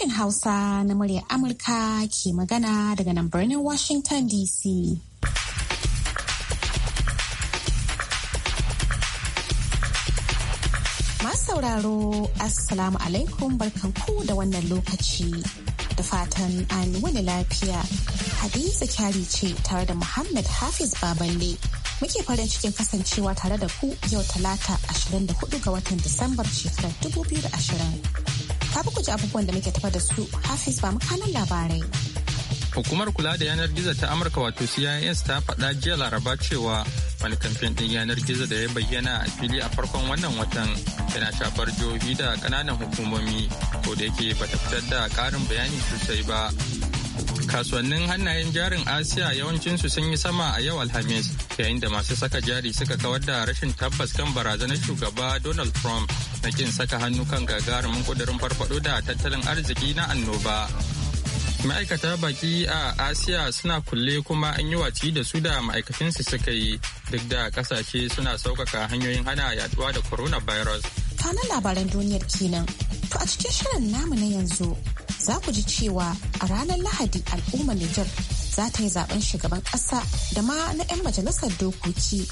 sashen Hausa na murya Amurka ke magana daga nan birnin Washington DC. sauraro Assalamu alaikum barkanku da wannan lokaci da fatan an wani lafiya. Hadiza kyari ce tare da Muhammad Hafiz Baballe. Muke farin cikin kasancewa tare da ku yau talata 24 ga watan Disambar shekarar 2020. Kafin ku ji abubuwan da muke tafa da su, Hafiz ba makanan labarai. Hukumar kula da yanar gizo ta Amurka wato CIS ta faɗa jiya Laraba cewa wani kamfen ɗin yanar gizo da ya bayyana a fili a farkon wannan watan yana shafar jihohi da ƙananan hukumomi ko da yake bata fitar da ƙarin bayani sosai ba. Kasuwannin hannayen jarin Asiya yawancinsu sun yi sama a yau Alhamis yayin da masu saka jari suka kawar da rashin tabbas kan barazanar shugaba Donald Trump na kin saka hannu kan gagarumin kudurin farfado da tattalin arziki na annoba. Ma'aikata baki a Asiya suna kulle kuma an yi waci da su da ma'aikacinsu suka yi duk da kasashe suna sauƙaƙa hanyoyin hana yaduwa da coronavirus. Kanan labaran duniyar kenan. To a cikin shirin namu na yanzu za ku ji cewa a ranar Lahadi al'ummar Nijar za ta yi zaben shugaban ƙasa da ma na 'yan majalisar dokoki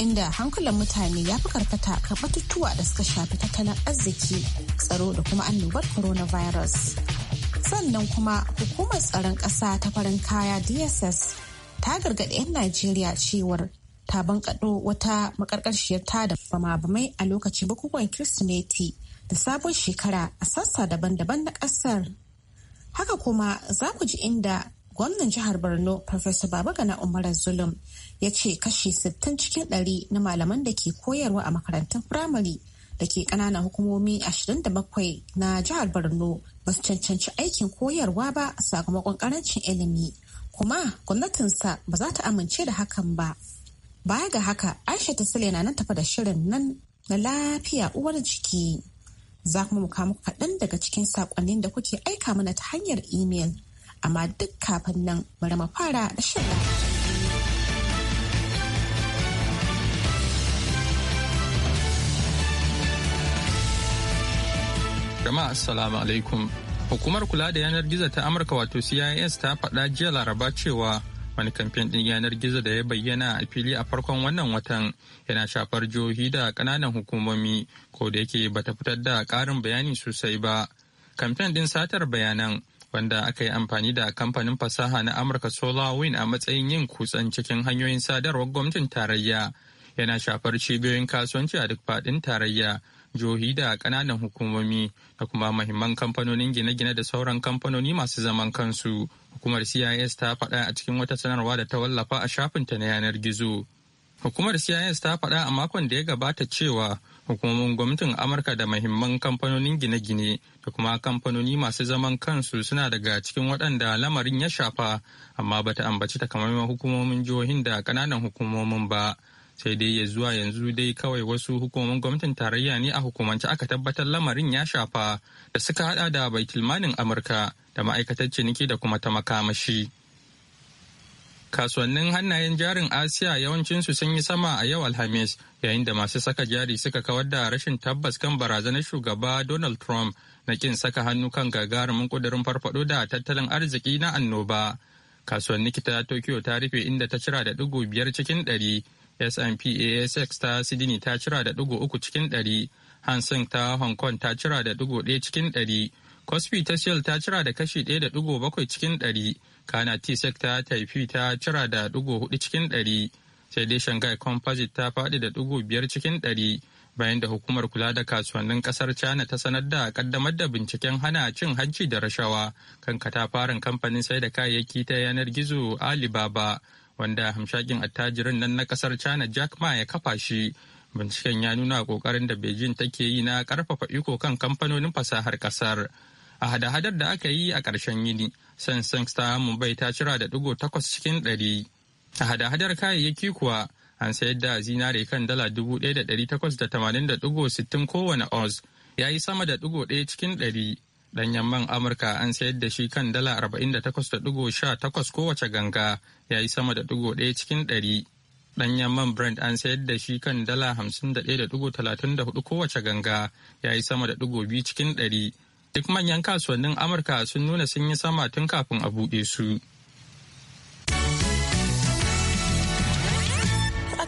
inda hankulan mutane ya fi karkata kan batutuwa da suka shafi tattalin arziki tsaro da kuma annobar coronavirus sannan kuma hukumar tsaron ƙasa ta farin kaya dss ta gargaɗi 'yan najeriya cewar ta bankaɗo wata makarƙarshiyar ta da bama-bamai a lokacin bukukuwan kirsimeti da sabon shekara a sassa daban-daban na ƙasar haka kuma za ku ji inda gwamnan jihar borno professor babagana umarar zulum ya ce kashi 60 cikin 100 na malaman da ke koyarwa a makarantun firamare da ke ƙananan hukumomi 27 na jihar borno ba su cancanci aikin koyarwa ba sakamakon karancin ilimi kuma gwamnatinsa ba za ta amince da hakan ba baya ga haka aisha ta na nan tafa da shirin nan na lafiya uwar jiki za kuma mu kaɗan daga cikin saƙonnin da kuke aika mana ta hanyar imel. amma duk kafin nan bari mu fara da shan Jama'a Assalamu alaikum. Hukumar kula da yanar gizo ta Amurka wato CIS ta faɗa jiya Laraba cewa wani kamfen ɗin yanar gizo da ya bayyana a fili a farkon wannan watan yana shafar jihohi da ƙananan hukumomi ko da yake bata fitar da ƙarin bayani sosai ba. Kamfen ɗin satar bayanan wanda aka yi amfani da kamfanin fasaha na Amurka SolarWind a matsayin yin kutsan cikin hanyoyin sadarwar gwamnatin tarayya yana shafar cibiyoyin kasuwanci a duk faɗin tarayya. jihohi da kananan hukumomi da kuma mahimman kamfanonin gine-gine da sauran kamfanoni masu zaman kansu hukumar cis ta faɗa a cikin wata sanarwa da ta wallafa a shafinta na yanar gizo hukumar cis ta faɗa a makon da ya gabata cewa hukumomin gwamnatin amurka da mahimman kamfanonin gine-gine da kuma kamfanoni masu zaman kansu suna daga cikin waɗanda lamarin ya shafa amma ba ta ambaci takamaiman hukumomin jihohin da ƙananan hukumomin ba sai dai ya zuwa yanzu dai kawai wasu hukumomin gwamnatin tarayya ne a hukumance aka tabbatar lamarin ya shafa da suka haɗa da baitulmanin amurka da ma'aikatar ciniki da kuma ta makamashi. kasuwannin hannayen jarin asiya yawancinsu sun yi sama a yau alhamis yayin da masu saka jari suka kawar da rashin tabbas kan barazanar shugaba donald trump na kin saka hannu kan gagarumin kudirin farfado da tattalin arziki na annoba kasuwannin ta tokyo ta rufe inda ta cira da digo biyar cikin ɗari S&P ASX ta Sydney ta cira da digo uku cikin ɗari, Hang ta Hong Kong ta cira da digo ɗaya cikin ɗari, Kospi ta Seoul ta cira da kashi ɗaya da digo bakwai cikin ɗari, kana tsec ta taifi ta cira da digo hudu cikin ɗari sai dai shanghai composite ta faɗi da digo biyar cikin ɗari bayan da hukumar kula da kasuwannin ƙasar china ta sanar da ƙaddamar da binciken hana cin hanci da rashawa kan katafaren kamfanin sai da kayayyaki ta yanar gizo alibaba wanda hamshakin attajirin nan na ƙasar china jack ma ya kafa shi binciken ya nuna kokarin da beijing take yi na ƙarfafa iko kan kamfanonin fasahar kasar a hada-hadar da aka yi a ƙarshen yini sensex ta mumbai ta cira da digo takwas cikin ɗari a hada-hadar kayayyaki kuwa an sayar da zinare kan dala dubu ɗaya da ɗari takwas da tamanin da digo sittin kowane oz ya yi sama da digo ɗaya cikin ɗari ɗanyen man amurka an sayar da shi kan dala arba'in da takwas da digo sha takwas kowace ganga ya yi sama da digo ɗaya cikin ɗari ɗanyen man brand an sayar da shi kan dala hamsin da ɗaya da digo talatin da hudu kowace ganga ya yi sama da ɗigo biyu cikin ɗari duk manyan kasuwannin amurka sun nuna sun yi sama tun kafin a buɗe su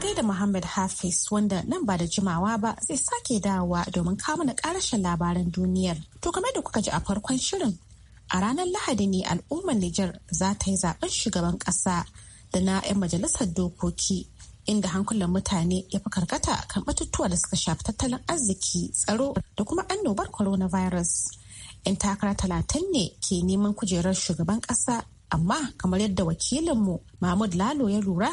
kai da Muhammad Hafiz wanda nan ba da jimawa ba zai sake dawowa domin kawo da karashin labaran duniyar. To kamar da kuka ji a farkon shirin a ranar Lahadi ne al'ummar Nijar za ta yi zaben shugaban ƙasa da na 'yan majalisar dokoki inda hankulan mutane ya fi karkata kan batutuwa da suka shafi tattalin arziki tsaro da kuma annobar coronavirus. 'yan takara talatin ne ke neman kujerar shugaban ƙasa amma kamar yadda wakilinmu mahmud lalo ya lura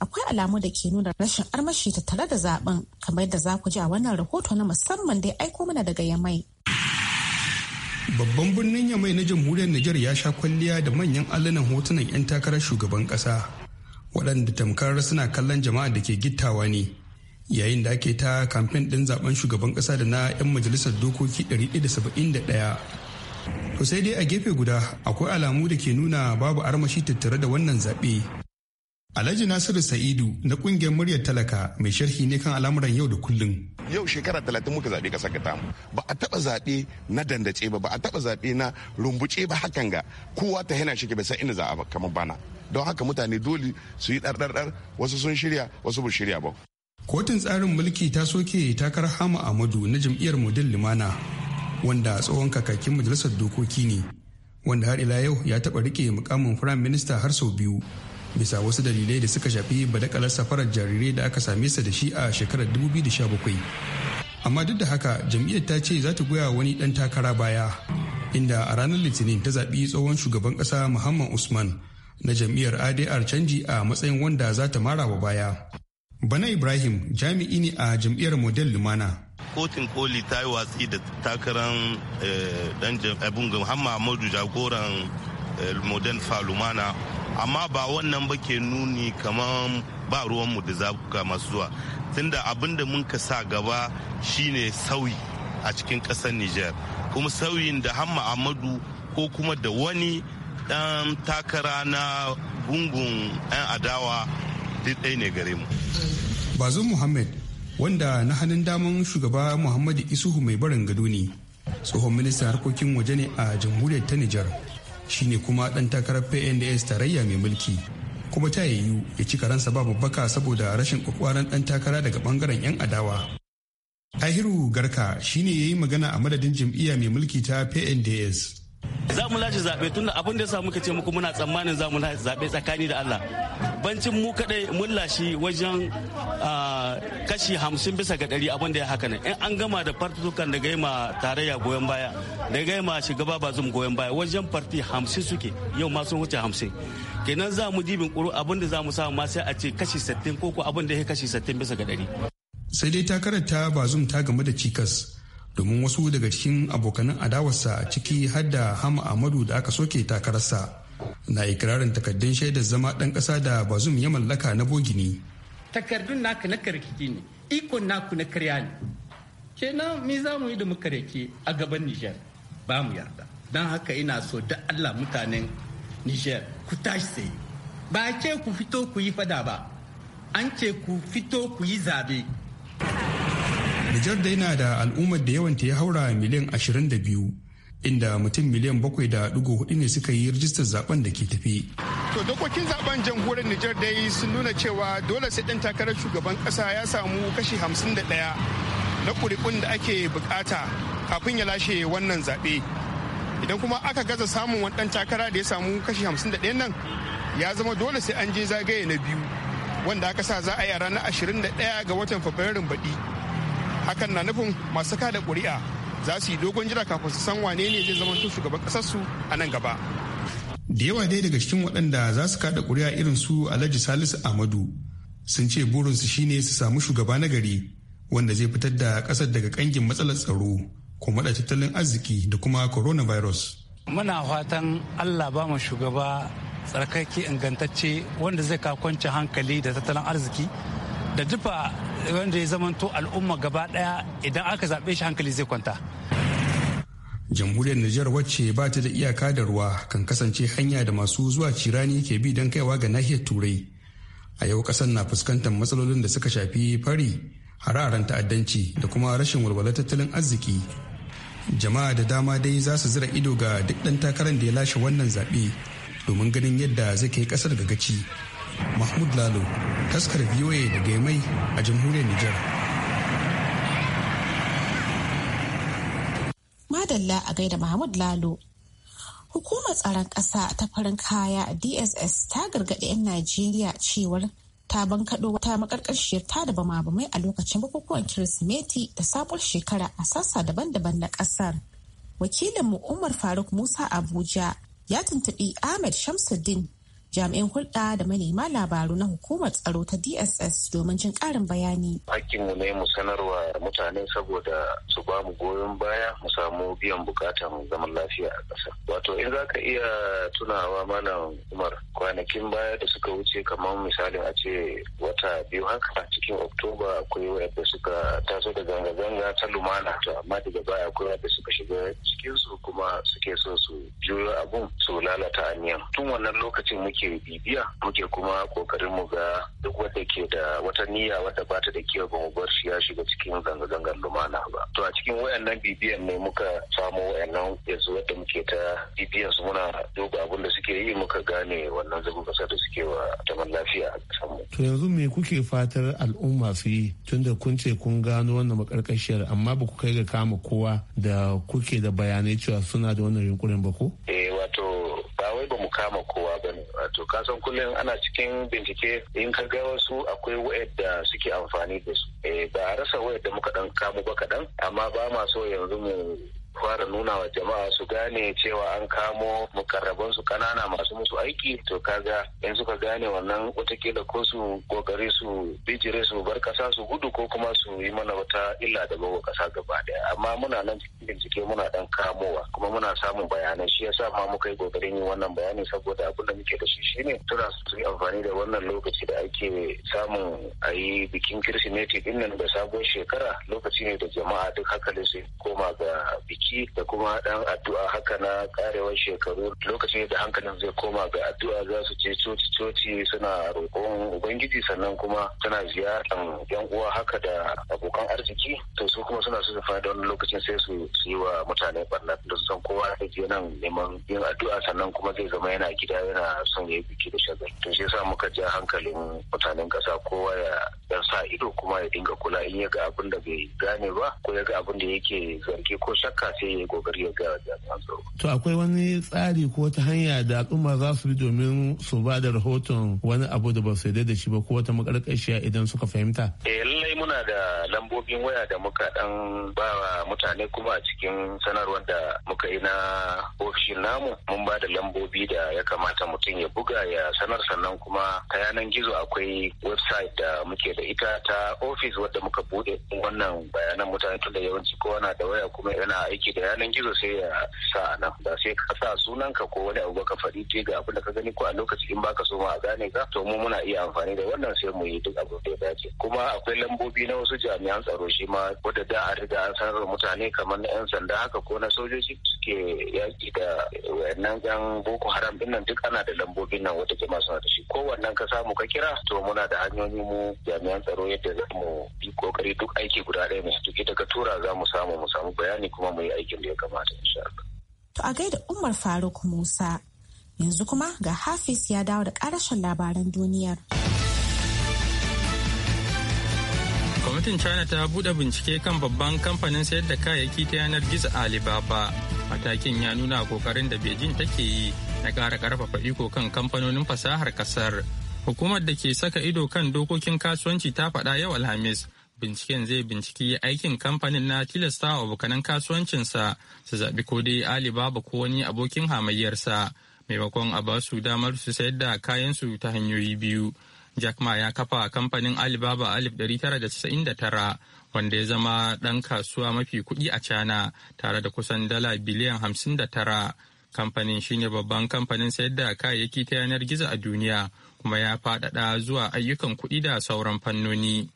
akwai alamu da ke nuna rashin armashi tattare da zaben kamar yadda za ku ji a wannan rahoto na musamman da ya aiko mana daga yamai babban birnin yamai na jamhuriyar niger ya sha kwalliya da manyan allunan hotunan 'yan takarar shugaban kasa waɗanda tamkar suna kallon jama'a da ke gittawa ne yayin da ake ta kamfen ɗin zaben shugaban ƙasa da na 'yan majalisar dokoki 171 to sai dai a gefe guda akwai alamu da ke nuna babu armashi tattare da wannan zaɓe alhaji nasiru sa'idu na ƙungiyar muryar talaka mai sharhi ne kan al'amuran yau da kullum yau shekara talatin muka zaɓe ƙasa ta mu ba a taɓa zaɓe na dandace ba ba a taɓa zaɓe na rumbuce ba hakan ga kowa ta yana shi ke san inda za a kamar bana don haka mutane dole su yi ɗarɗarɗar wasu sun shirya wasu ba shirya ba kotun tsarin mulki ta soke takar hama amadu na jam'iyyar model limana wanda tsohon kakakin majalisar dokoki ne wanda har ila yau ya taɓa rike mukamin firayim minista har sau biyu bisa wasu dalilai da suka shafi badakalar safarar jarirai da aka same sa da shi a shekarar 2017 amma duk da haka jam'iyyar ta ce za ta goya wani ɗan takara baya inda a ranar litinin ta zaɓi tsohon shugaban ƙasa muhammad usman na jam'iyyar adr canji a matsayin wanda za ta mara wa baya Bana Ibrahim jami'i ne a jam'iyyar Model Lumana. Kotun koli ta yi watsi da takarar eh, dan abin Muhammadu jagoran eh, Model Falumana amma ba wannan ba ke nuni kamar ba ruwanmu da zabuka masu zuwa tunda abin da mun ka sa gaba shine sauyi a cikin ƙasar Nijar kuma sauyin da Hamma Ahmadu ko kuma da wani ɗan takara na gungun 'yan adawa duk ɗaya ne gare mu. bazin muhammad wanda na hannun daman shugaba muhammadu isuhu mai barin gado ne tsohon ministan harkokin waje ne a jamhuriyar ta nijar shine kuma ɗan takarar pnds tarayya mai mulki kuma ta yiwu ya ci karansa ba babbaka saboda rashin kwakwaran ɗan takara daga bangaren 'yan adawa ahiru garka shi ne ya yi magana a madadin jam'iyya mai mulki ta pnds za mu lashe zaɓe tun da abin da ya muka ce muku muna tsammanin za mu lashe zaɓe tsakani da Allah bancin mu kadai mun lashe wajen kashi hamsin bisa ga ɗari abin da ya haka ne in an gama da fartukan da gaima tarayya goyon baya da gaima shugaba zum goyon baya wajen farti hamsin suke yau ma sun wuce hamsin kenan za mu dibin ƙuru abin da za mu samu ma sai a ce kashi sittin ko ko abin da ya kashi sittin bisa ga ɗari. sai dai takarar ta bazum ta game da cikas domin wasu daga cikin abokanan adawarsa ciki har da hama amadu da aka soke takararsa na ikirarin takardun shaidar zama ɗan ƙasa da bazum ya mallaka na bogini takardun naka na karkiki ne ikon naku na karya ne na mi za mu yi da muka reke a gaban niger ba mu yarda don haka ina so da allah mutanen niger ku tashi sai ba ce ku fito ku yi fada ba an ce ku fito ku yi zabe Nijar da yana da al'ummar da ta ya haura miliyan 22 inda mutum miliyan 7.4 ne suka yi rijistar zaben da ke tafi. To dokokin zaben jamhuriyar Nijar dai sun nuna cewa dole sai ɗan takarar shugaban ƙasa ya samu kashi 51 na ƙuri'un da ake bukata kafin ya lashe wannan zaɓe. Idan kuma aka gaza samun wani ɗan takara da ya samu kashi 51 nan ya zama dole sai an je zagaye na biyu wanda aka sa za a yi a ranar 21 ga watan Fabrairun baɗi. hakan na nufin masu kada kuri'a za su yi dogon jira kafin su san wane ne zai zama shugaban ƙasarsu a nan gaba da yawa dai daga cikin waɗanda za su kada ƙuri'a irin su alhaji salisu ahmadu sun ce burinsu shine su samu shugaba na gari wanda zai fitar da kasar daga ƙangin matsalar tsaro kuma da tattalin arziki da kuma coronavirus muna fatan allah ba mu shugaba tsarkake ingantacce wanda zai kakwanci hankali da tattalin arziki da dufa wanda ya zamanto al'umma gaba daya idan aka zaɓe shi hankali zai kwanta jamhuriyar Nijar wacce ba ta da iyaka da ruwa kan kasance hanya da masu zuwa cirani ke bi don kaiwa ga nahiyar turai a yau kasan na fuskantar matsalolin da suka shafi fari hararen ta'addanci da kuma rashin walwala tattalin arziki jama'a da dama dai za su zira ido ga duk ɗan takarar da ya lashe wannan zaɓe domin ganin yadda zai kai ƙasar ga gaci mahmud lalo taskar voa da gaimai a jamhuriyar nijar madalla a gaida mahmud lalo hukumar tsaron ƙasa ta farin kaya dss ta gargaɗi 'yan najeriya cewar ta bankaɗo wata makarƙashiyar ta da bama bamai a lokacin bukukuwan kirsimeti da sabuwar shekara a sassa daban-daban na ƙasar wakilinmu umar faruk musa abuja ya tuntuɓi ahmed shamsuddin jami'in hulɗa da manema labaru na hukumar tsaro ta dss domin jin ƙarin bayani hakkinmu ne mu sanarwa mutane saboda su ba mu goyon baya mu samu biyan bukatan zaman lafiya a ƙasa wato in za ka iya tunawa malam umar kwanakin baya da suka wuce kamar misalin a ce wata biyu haka cikin oktoba akwai wadda suka taso da zanga-zanga ta lumana to amma daga baya akwai wadda suka shiga cikinsu kuma suke so su juyo abun su lalata aniyan tun wannan lokacin muke ke bibiya muke kuma kokarin mu ga duk wanda ke da wata niyya wata bata da kyau ba mu bar shi ya shiga cikin zanga-zangar lumana ba to a cikin wayannan bibiyan ne muka samu wayannan yanzu wadda muke ta bibiyan su muna duba abin da suke yi muka gane wannan zagon kasar da suke wa zaman lafiya a kasanmu. to yanzu me kuke fatar al'umma su yi tunda kun ce kun gano wannan makarkashiyar amma ba ku kai ga kama kowa da kuke da bayanai cewa suna da wannan yunkurin ba ko? eh kama kowa ba ne wato kasan kullum ana cikin bincike in ka ga wasu akwai wa'yanda suke amfani da su eh, ba a rasa da muka dan kamu ba kaɗan amma ba ma so yanzu mu fara nuna wa jama'a su gane cewa an kamo mukarraban su kanana masu musu aiki to kaga in suka gane wannan watakila ko su kokari su bijire su bar kasa su gudu ko kuma su yi mana wata illa da bawa kasa gaba daya amma muna nan cikin bincike muna dan kamowa kuma muna samun bayanai shi yasa ma muka yi kokarin yin wannan bayani saboda abin da muke da shi shine tura su yi amfani da wannan lokaci da ake samun a yi bikin kirsimeti dinnan da sabon shekara lokaci ne da jama'a duk hakalin su koma ga biki biki da kuma dan addu'a haka na karewar shekaru lokacin da hankalin zai koma ga addu'a za su je coci coci suna roƙon ubangiji sannan kuma suna ziyartan yan uwa haka da abokan arziki to su kuma suna su fada wani lokacin sai su yi wa mutane barna da su san kowa da je nan neman yin addu'a sannan kuma zai zama yana gida yana son ya yi biki da shagali to shi yasa muka ja hankalin mutanen kasa kowa ya sa ido kuma ya dinga kula in ya ga abin da bai gane ba ko ya ga abin da yake zargi ko shakka sai ya yi kokari ya gaya jami'an tsaro. To akwai wani tsari ko wata hanya da al'umma za su bi domin su ba da rahoton wani abu da ba su da shi ba ko wata makarƙashiya idan suka fahimta? Eh lallai muna da lambobin waya da muka dan ba wa mutane kuma a cikin sanarwar da muka yi na ofishin namu mun ba da lambobi da ya kamata mutum ya buga ya sanar sannan kuma ta yanan gizo akwai website da muke da ita ta ofis wadda muka bude wannan bayanan mutane tunda yawanci kowa na da waya kuma yana aiki aiki da yanan gizo sai ya sa nan ba sai ka sa sunanka ko wani abu baka faɗi ce ga abin da ka gani ko a lokaci in baka so ma a gane ka to mu muna iya amfani da wannan sai mu yi duk abu da ya dace kuma akwai lambobi na wasu jami'an tsaro shi ma wadda da a riga an sanar da mutane kamar na 'yan sanda haka ko na sojoji suke yaki da wannan yan boko haram din nan duk ana da lambobin nan wata jama'a suna da shi ko wannan ka samu ka kira to muna da hanyoyi mu jami'an tsaro yadda za mu bi kokari duk aiki guda ɗaya mu duk tura za mu samu mu samu bayani kuma mu yi aikin da ya kamata in To a gaida Umar Faruk Musa yanzu kuma ga Hafiz ya dawo da karashin labaran duniyar. Kwamitin China ta buɗe bincike kan babban kamfanin sayar da kayayyaki ta yanar gizo Alibaba. Matakin ya nuna kokarin da Beijing take yi na ƙara ƙarfafa iko kan kamfanonin fasahar ƙasar. Hukumar da ke saka ido kan dokokin kasuwanci ta faɗa yau Alhamis binciken zai binciki aikin kamfanin na tilasta wa abokanan kasuwancinsa su zaɓi ko dai alibaba ko wani abokin hamayyarsa maimakon a ba su damar su sayar da kayansu ta hanyoyi biyu jack ma ya kafa kamfanin alibaba alif 1999 wanda ya zama ɗan kasuwa mafi kuɗi a cana tare da kusan dala biliyan hamsin da tara kamfanin shine babban kamfanin sayar da kayayyaki ta yanar gizo a duniya kuma ya faɗaɗa zuwa ayyukan kuɗi da sauran fannoni.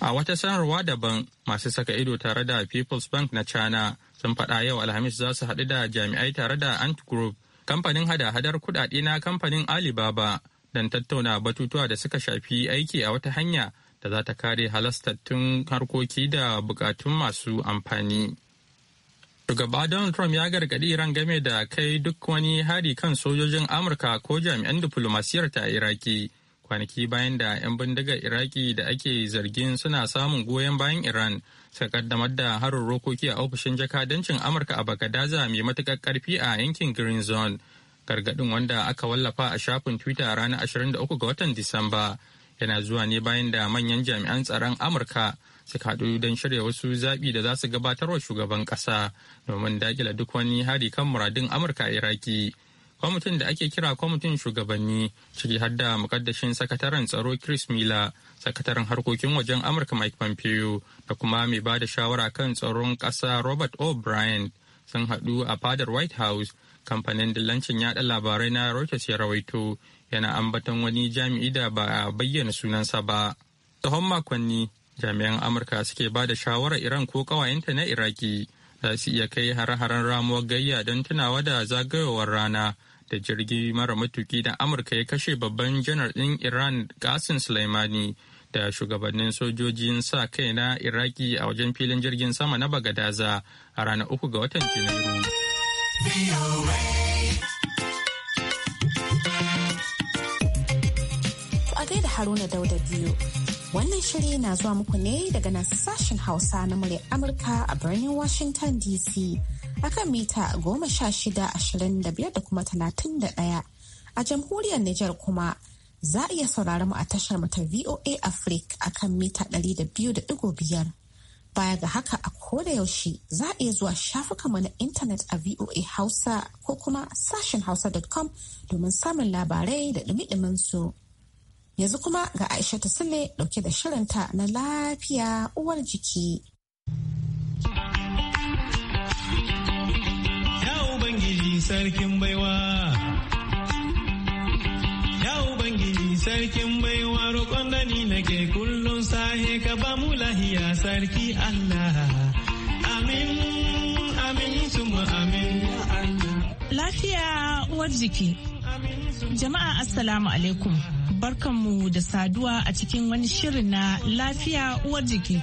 A wata sanarwa daban masu saka ido tare da People's Bank na China sun faɗa yau Alhamis za su haɗu da jami'ai tare da Ant Group, kamfanin hada-hadar kuɗaɗe na kamfanin Alibaba don tattauna batutuwa da suka shafi aiki a wata hanya da za ta kare halastattun harkoki da bukatun masu amfani. Shugaba Donald Trump ya gargaɗi Iran game da kai duk wani hari kan sojojin Amurka ko jami'an diflomasiyar ta Iraki. kwanaki bayan da 'yan bindigar iraki da ake zargin suna samun goyon bayan iran suka kaddamar da harin rokoki a ofishin jakadancin amurka a bagadaza mai matukar karfi a yankin green zone gargadin wanda aka wallafa a shafin twitter a ranar 23 ga watan disamba yana zuwa ne bayan da manyan jami'an tsaron amurka suka haɗu don shirya wasu zaɓi da za su gabatarwa shugaban ƙasa domin daƙila duk wani hari kan muradin amurka a iraki kwamitin da ake kira kwamitin shugabanni ciki har da mukaddashin sakataren tsaro chris miller sakataren harkokin wajen amurka mike pompeo da kuma mai ba da shawara kan tsaron ƙasa robert o'brien sun haɗu a fadar white house kamfanin dillancin yaɗa labarai na reuters ya rawaito yana ambaton wani jami'i da ba a bayyana sunansa ba tsawon makonni jami'an amurka suke ba da shawarar iran ko ƙawayenta na iraki za su iya kai hare-haren ramuwar gayya don tunawa da zagayowar rana da jirgi mara matuki da amurka ya kashe babban janar din iran gasin suleimani da shugabannin sojojin sa kai na iraki a wajen filin jirgin sama na bagadaza a ranar uku ga watan janairu da haruna dauda biyu wannan shiri na zuwa muku ne daga nan sashen hausa na murya amurka a birnin washington dc akan mita goma sha shida ashirin da kuma talatin da ɗaya. A jamhuriyar Nijar kuma za a iya saurari mu a tashar mu ta VOA Africa akan mita ɗari da biyu da biyar. Baya ga haka a koda yaushe za a iya zuwa mu na intanet a VOA Hausa ko kuma sashen hausa.com domin samun labarai da dumi-dumin su. Yanzu kuma ga Aisha ta Sule dauke da shirinta na lafiya uwar jiki. sarkin baiwa ya ubangiji sarkin baiwa roƙon da ni nake kullum sahe ka ba mu lahiya sarki allah amin amin suma amin lafiya uwar jiki jama'a assalamu alaikum barkanmu da saduwa a cikin wani shirin na lafiya uwar jiki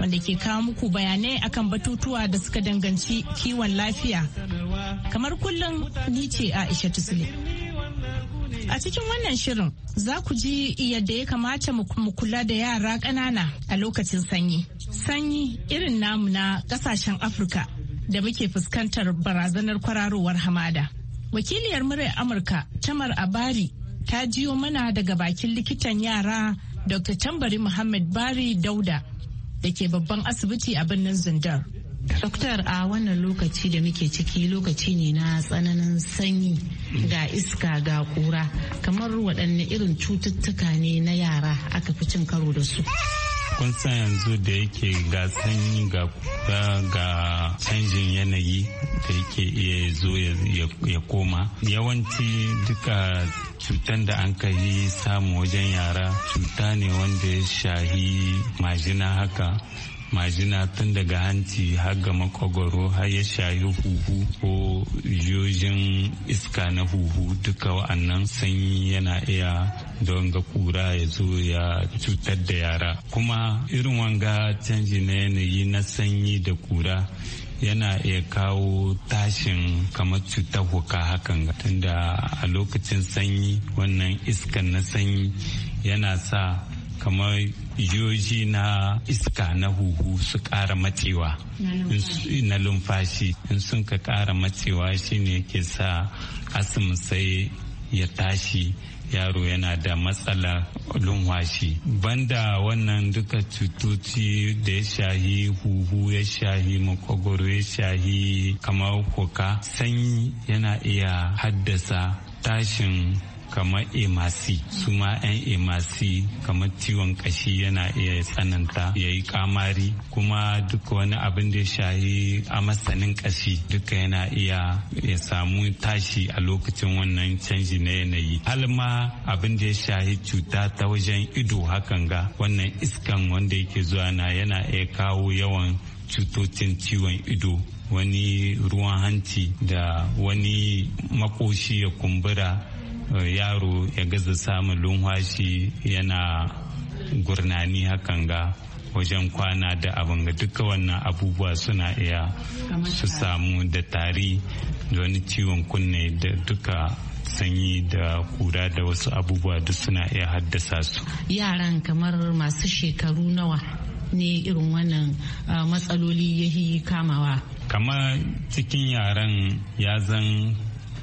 wanda ke kawo muku bayanai akan batutuwa da suka danganci kiwon lafiya. Kamar kullum ni ce Aisha Tusle. A cikin wannan shirin za ku ji yadda ya kamata mu kula da yara ƙanana a lokacin sanyi. Sanyi irin namu na ƙasashen Afirka da muke fuskantar barazanar kwararowar hamada. Wakiliyar muryar Amurka Tamar Abari ta jiyo mana daga bakin likitan yara Dr. Tambari Muhammad Bari Dauda da ke babban asibiti a birnin Zindar. Doktor a wannan lokaci da muke ciki lokaci ne na tsananin sanyi ga iska ga kura kamar waɗanne irin cututtuka ne na yara aka fi cin karo da su. kun san yanzu da yake ga sanyi ga ga canjin yanayi da yake iya zo ya koma yawanci duka cutan da an ka yi samu wajen yara cuta ne wanda ya shahi majina haka majina tun daga hanci har ga makogoro har ya shayi huhu ko yojin iska na huhu duka wa'annan sanyi yana iya don ga kura ya zo ya cutar da yara kuma irin wanga canji na yanayi na sanyi da kura yana iya kawo tashin kamar cutar huka hakan tunda a lokacin sanyi wannan iskan na sanyi yana sa kamar yoji na iska na huhu su kara matsewa na lumfashi in sun ka kara matsewa shine ke sa asim sai ya tashi yaro yana da matsala lumwashi banda wannan duka cututi da ya shahi huhu ya shahi makogoro ya shahi kamar koka sanyi yana iya haddasa tashin kamar emasi su ma 'yan emasi kamar ciwon kashi yana iya tsananta ya yi kamari kuma duk wani abin da ya shahi a masanin kashi duka yana iya ya samu tashi a lokacin wannan canji na yanayi har ma abin da ya shahi cuta ta wajen ido hakan ga wannan iskan wanda yake zuwa na yana iya kawo yawan cutocin ciwon ido wani ruwan hanci da wani makoshi ya kumbura yaro ya gaza samun lumhashi yana gurnani hakan ga wajen kwana da abin ga duka wannan abubuwa suna iya su samu da tari da wani ciwon kunne da duka sanyi da kura da wasu abubuwa duk suna iya haddasa su yaran kamar masu shekaru nawa ne irin wannan ah, matsaloli ya kamawa kamar cikin yaran ya zan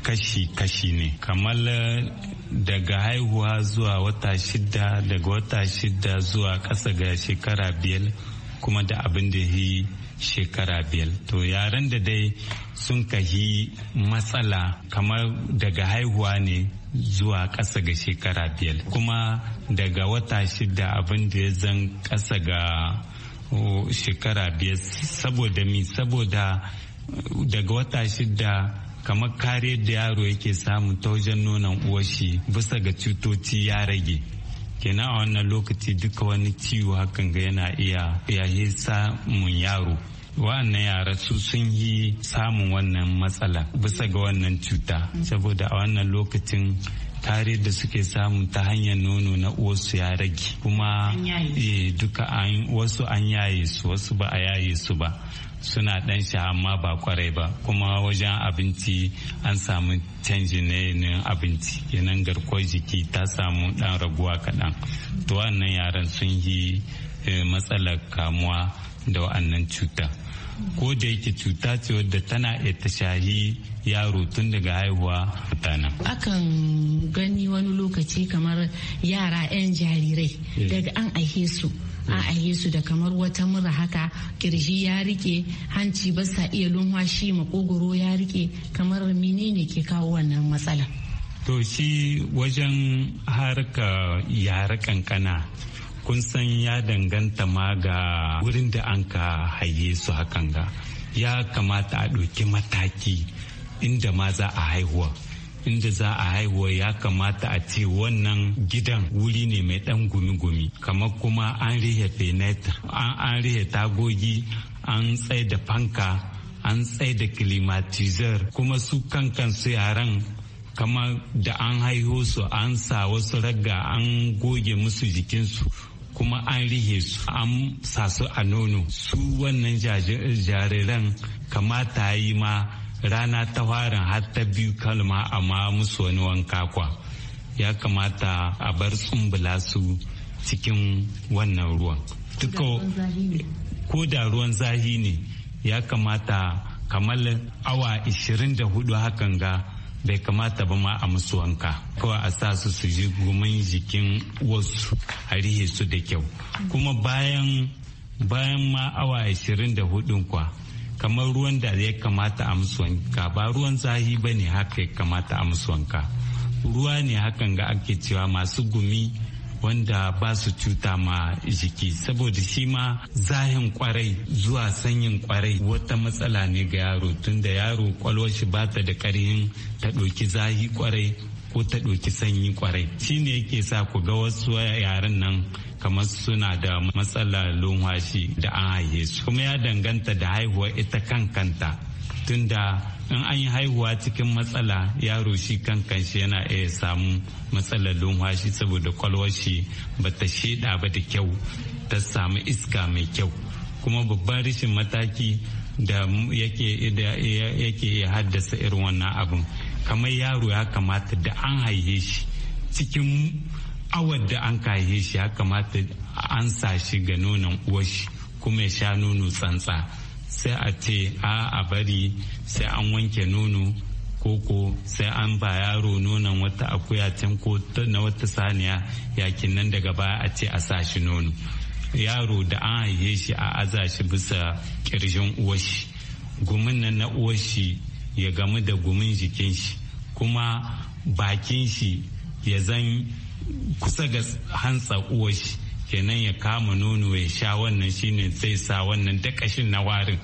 kashi-kashi ne kamar eh, daga haihuwa zuwa wata shida daga wata shida zuwa ƙasa ga shekara biyar kuma da abin da yi shekara biyar to yaran da dai sun kahi matsala kamar daga haihuwa ne zuwa ƙasa ga shekara biyar kuma daga wata shida abin da ya zan ƙasa ga shekara biyar saboda mi saboda eh, daga wata shida kamar kare da yaro yake samu ta wajen nonon uwashi bisa ga cutoci ya rage kenan a wannan lokaci duka wani ciwo hakan ga yana iya yahe samun yaro wannan yara su sun yi samun wannan matsala bisa ga wannan cuta saboda a wannan lokacin kare da suke samu ta hanyar nono na uwarsu ya rage kuma eh, duka wasu an yaye su wasu ba a yaye su ba suna ɗan sha amma ba kwarai ba kuma wajen abinci an samu canji na abinci yanayin garkuwar jiki ta samu ɗan raguwa kaɗan to wannan yaran sun yi eh, matsalar kamuwa da wa'annan cuta ko da yake cuta ce wadda tana iya ta shahi yaro tun daga haihuwa mutana. akan gani wani lokaci kamar yara 'yan jarirai eh. daga an aihe su a su da kamar wata mura haka kirji ya rike hanci ba sa iya lumwashi makogoro ya rike kamar menene ke kawo wannan matsala to shi wajen harka yara kankana kun san ya danganta ma ga wurin da an ka haye su hakan ga ya kamata a ɗauki mataki inda ma za a haihuwa inda za a haihuwa ya kamata a ce wannan gidan wuri ne mai dan gumi-gumi kamar kuma an rihe fenetra an rihe tagogi an tsaye da fanka an tsaye da climatizer kuma su kankan su yaran kama da an haihu su an sa wasu ragga an goge musu jikinsu kuma an rihe su an sa su a nono su wannan jariran kamata yi ma rana ta farin har ta biyu kalma amma musu wani wanka kwa ya kamata a bar tsumbula su cikin wannan ruwan ko da ruwan zahi ne ya kamata kamar awa 24 hakan ga bai kamata ba ma a musu wanka kawai a sa su su ji gumin jikin wasu a rihe su da kyau mm. kuma bayan bayan ma awa 24 kwa kamar ruwan da ya kamata a musu wanka ba ruwan zahi ba ne haka ya kamata a musu wanka ruwa ne hakan ga ake cewa masu gumi wanda ba su cuta ma jiki saboda shi ma zahin kwarai zuwa sanyin kwarai wata matsala ne ga yaro tunda yaro kwalwashi ba ta da karhin ta ɗauki zahi kwarai ko ta ɗauki sanyi kwarai shi ne yake sa ku ga wasu yaren nan kamar suna da matsalar lumhashi da an haihe su kuma ya danganta da haihuwa ita kan kanta tunda in an yi haihuwa cikin matsala yaro shi kankan shi yana iya samu matsalar lumhashi saboda kwalwar shi ba ta sheda ba da kyau ta samu iska mai kyau kuma babban rashin mataki da yake iya haddasa irin wannan abin kamar yaro ya kamata da an haihe shi cikin awar da an haihe shi ya kamata an sa shi ga nonon uwashi kuma ya sha nono tsantsa sai a ce a a bari sai an wanke nono koko sai an ba yaro nonon wata akuya can ko na wata saniya yakin nan daga baya a ce a sa shi nono yaro da an haihe shi a aza shi bisa kirjin uwashi gumin nan na uwashi ya gamu da gumin jikin shi kuma bakin shi ya zan kusa ga hantsa uwar shi kenan ya kama nono ya sha wannan shine zai sa wannan dakashin na warin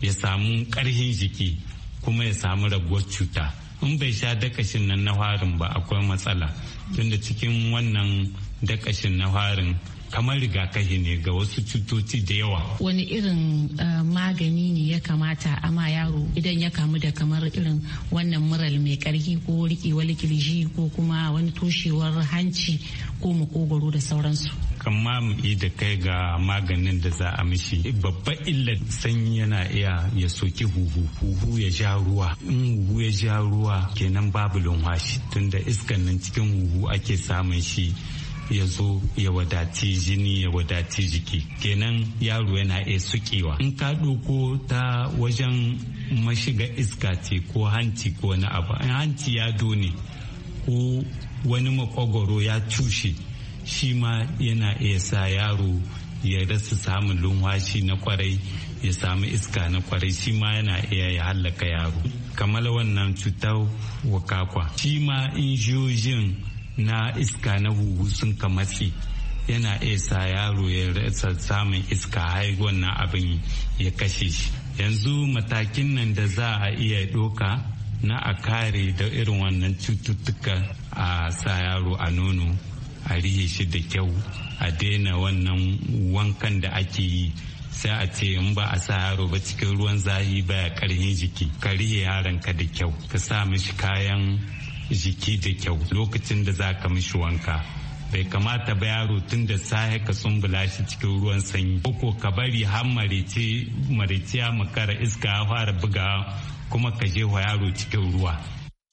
ya samu karhin jiki kuma ya samu raguwar cuta in bai sha dakashin nan na warin ba akwai matsala tunda cikin wannan dakashin na warin kamar rigakafi ne ga wasu cutoci da yawa. Wani irin eh, magani ne ya kamata ama yaro idan ya kamu da kamar irin wannan mural mai karfi ko rikewar kirji ko kuma wani toshewar hanci ko makogoro da sauransu. kamma mu yi da kai ga maganin da za a mishi babban illar sanyi yana iya ya soki huhu huhu ya ja ruwa in huhu ya ja ruwa kenan babu lumhashi tunda iskan nan cikin huhu ake samun shi ya zo ya wadaci jini ya wadaci jiki kenan yaro yana iya sukewa in ka ɗauko ta wajen mashiga iska ce ko hanci ko wani abu hanci ya done ko wani makwagwaro ya cushe shi ma yana iya sa yaro ya rasa samun lumwashi na kwarai ya samu iska na kwarai shi ma yana iya ya hallaka yaro kamar wannan cutar wakakwa shi ma injiyojin na iska na huhu sun ka matsi yana sa yaro ya rasa samun iska haihuwan na abin ya kashe shi yanzu matakin nan da za a iya doka na a kare da irin wannan cututtuka a sa yaro a nono a rihe shi da kyau a daina wannan wankan da ake yi sai a ce in ba a sa yaro ba cikin ruwan zahi baya karhin jiki ka rihe yaron ka da kyau ka sa mishi kayan jiki da kyau lokacin da za ka mishi wanka bai kamata ba yaro tun da sahe ka sumbula shi cikin ruwan sanyi ko ka bari har marice ya makara iska ya fara buga kuma ka je wa yaro cikin ruwa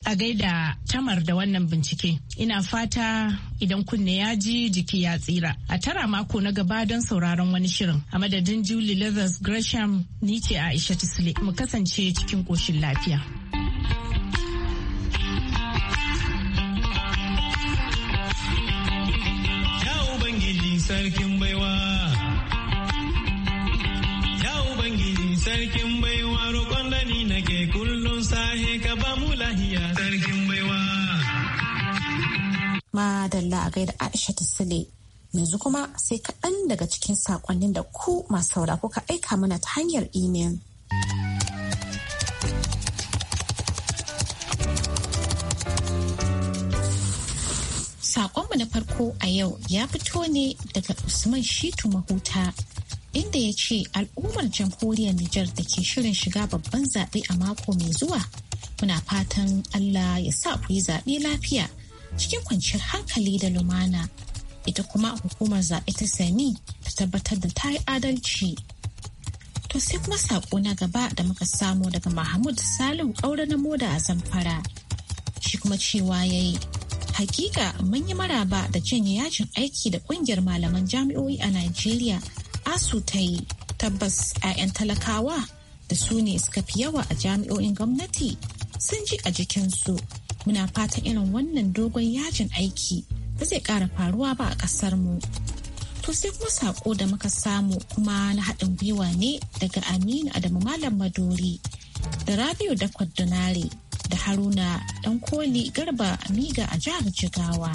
a gaida tamar da wannan bincike ina fata idan kunne ya ji jiki ya tsira a tara mako na gaba don sauraron wani shirin a madadin julie leathers gresham ni ce aisha tisle mu kasance cikin koshin lafiya Madalla a gaida Aisha ta Sule. Yanzu kuma sai kaɗan daga cikin saƙonnin da ku masu saura kuka aika mana ta hanyar imel. Saƙonmu na farko a yau ya fito ne daga Usman Shitu Mahuta inda ya ce al'ummar jamhuriyar Nijar da ke shirin shiga babban zaɓe a mako mai zuwa muna fatan Allah ya sa ku yi zaɓe lafiya cikin kwanciyar hankali da lumana ita kuma hukumar zaɓe ta sani ta tabbatar da ta yi adalci to sai kuma saƙo na gaba da muka samu daga mahmud salihu ƙaura na moda a zamfara shi kuma cewa ya yi hakika mun yi maraba da janye yajin aiki da ƙungiyar malaman jami'o'i a Najeriya asu ta yi tabbas 'ya'yan talakawa da su ne suka fi yawa a jami'o'in gwamnati sun ji a jikinsu muna fatan irin wannan dogon yajin aiki ba zai ƙara faruwa ba a ƙasar mu to sai kuma sako da muka samu kuma na haɗin gwiwa ne daga aminu adamu malam madori da rabiu da kwadonare da haruna dan koli garba amiga a jihar jigawa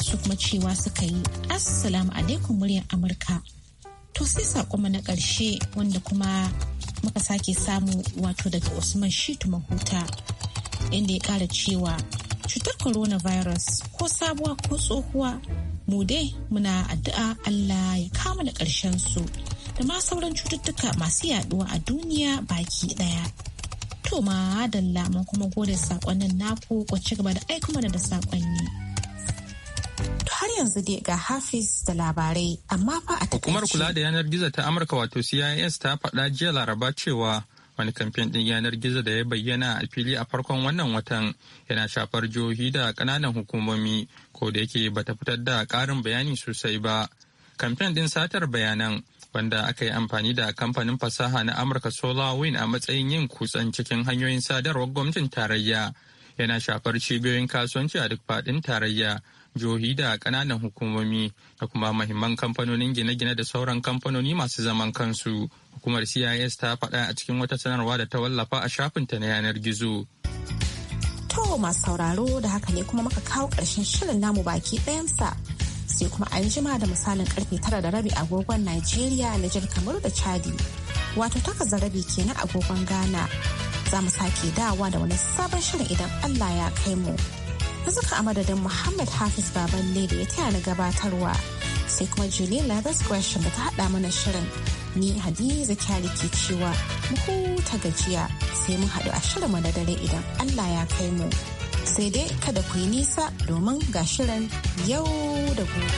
su kuma cewa suka yi assalamu alaikum muryar amurka to sai sako na ƙarshe wanda kuma muka sake samu wato daga usman shitu mahuta inda ya kara cewa cutar coronavirus ko sabuwa ko tsohuwa mu dai muna addu'a Allah ya kama da ƙarshen su da ma sauran cututtuka masu yaduwa a duniya baki daya. To ma dalla mun kuma gode sakonnin naku ku ci gaba da aiko mana da sakonni. To har yanzu dai ga Hafiz da labarai amma fa a takaice. Hukumar kula da yanar gizo ta Amurka wato CIS ta faɗa jiya Laraba cewa wani kamfen ɗin yanar gizo da ya bayyana a fili a farkon wannan watan yana shafar jihohi da ƙananan hukumomi ko da yake bata fitar da ƙarin bayani sosai ba kamfen ɗin satar bayanan wanda aka yi amfani da kamfanin fasaha na amurka solarwind a matsayin yin kutsan cikin hanyoyin sadarwar gwamnatin tarayya yana shafar cibiyoyin kasuwanci a duk faɗin tarayya jihohi da ƙananan hukumomi da kuma mahimman kamfanonin gine-gine da sauran kamfanoni masu zaman kansu hukumar cis ta faɗa a cikin wata sanarwa da ta wallafa a shafin ta na yanar gizo to masu sauraro da haka ne kuma muka kawo ƙarshen shirin namu baki ɗayansa sai kuma an jima da misalin karfe tara da rabi agogon Najeriya, Nijar kamar da Chadi. Wato takaza rabi kenan agogon Ghana. Za mu sake dawa da wani sabon shirin idan Allah ya kai mu. yanzu ka amadadin Muhammad Hafiz Baballe da ya taya ni gabatarwa sai kuma Julie Lathers Gresham da ta haɗa mana shirin ni Hadiza Kyari ke cewa mu huta gajiya sai mun haɗu a shirinmu na dare idan Allah ya kai mu. Sai dai kada ku yi nisa domin ga shirin yau da gobe.